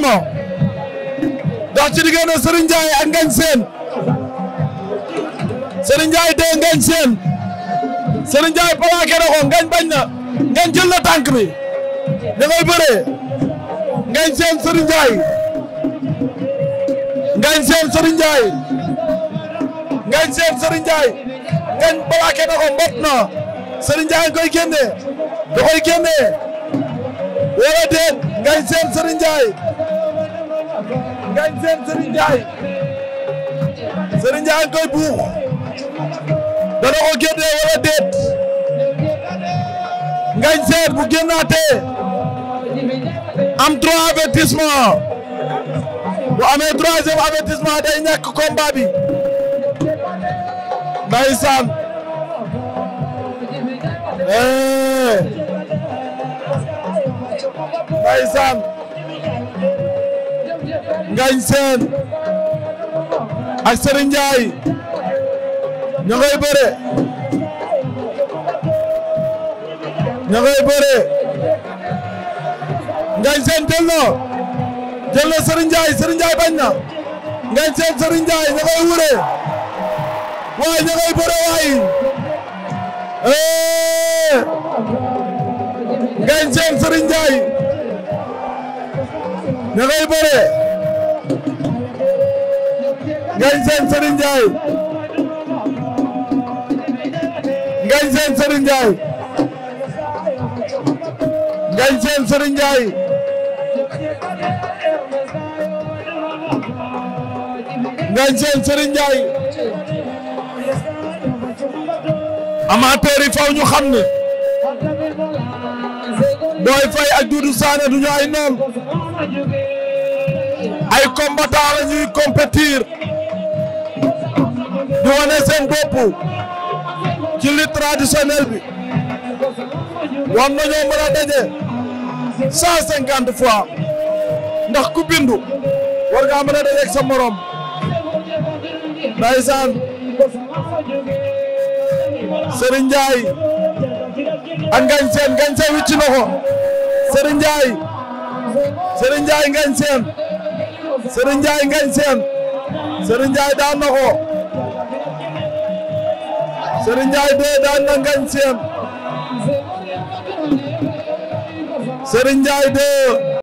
mo dox ci diggante Serigne Ndiaye ak Ngagne Sène Serigne Ndiaye de Ngagne Sène Serigne Ndiaye plaqué na ko Ngagne bañ na Ngagne jël na tànk bi da ngay bëree Ngagne Sène Serigne Ndiaye Ngagne Sène Serigne Ndiaye Ngagne na ko mbot na Serigne Ndiaye koy génne da koy génne wala déet ngañ seen Serigne Ndiaye koy buux dana ko génnee wala déet ngañ seen bu génnaatee am trois avertissement bu amee troisième avertissement day ñàkk combat bi ndeysaan eh. ndeysaan Ngagne Sène ak Serigne Ndiaye ña bëre ña ngay bëre Ngagne Sène jël na jël na Serigne Ndiaye Serigne wure waay ña bëre waay eh Ngagne Sène Serigne Ndiaye ña bëre Ngagne Sène Serigne Ndiaye Ngagne Sène Serigne Ndiaye Ngagne Sène Serigne Ndiaye Ngagne faw ñu xam ne Boy Faye ak Doudou Sané duñu ay noon ay combattant di wane seen bopp ci lutte traditionnelle bi war nañoo mën a daje cent cinquante ndax ku bindu war ngaa mën a sa morom ndaysaan Serigne Ndiaye ak Ngagne Sène Ngagne Sène wicci na ko Serigne Ndiaye Serigne Ndiaye Ngagne Sène daan na Serigne Ndiaye dee daan na ngañ seen Serigne Ndiaye dee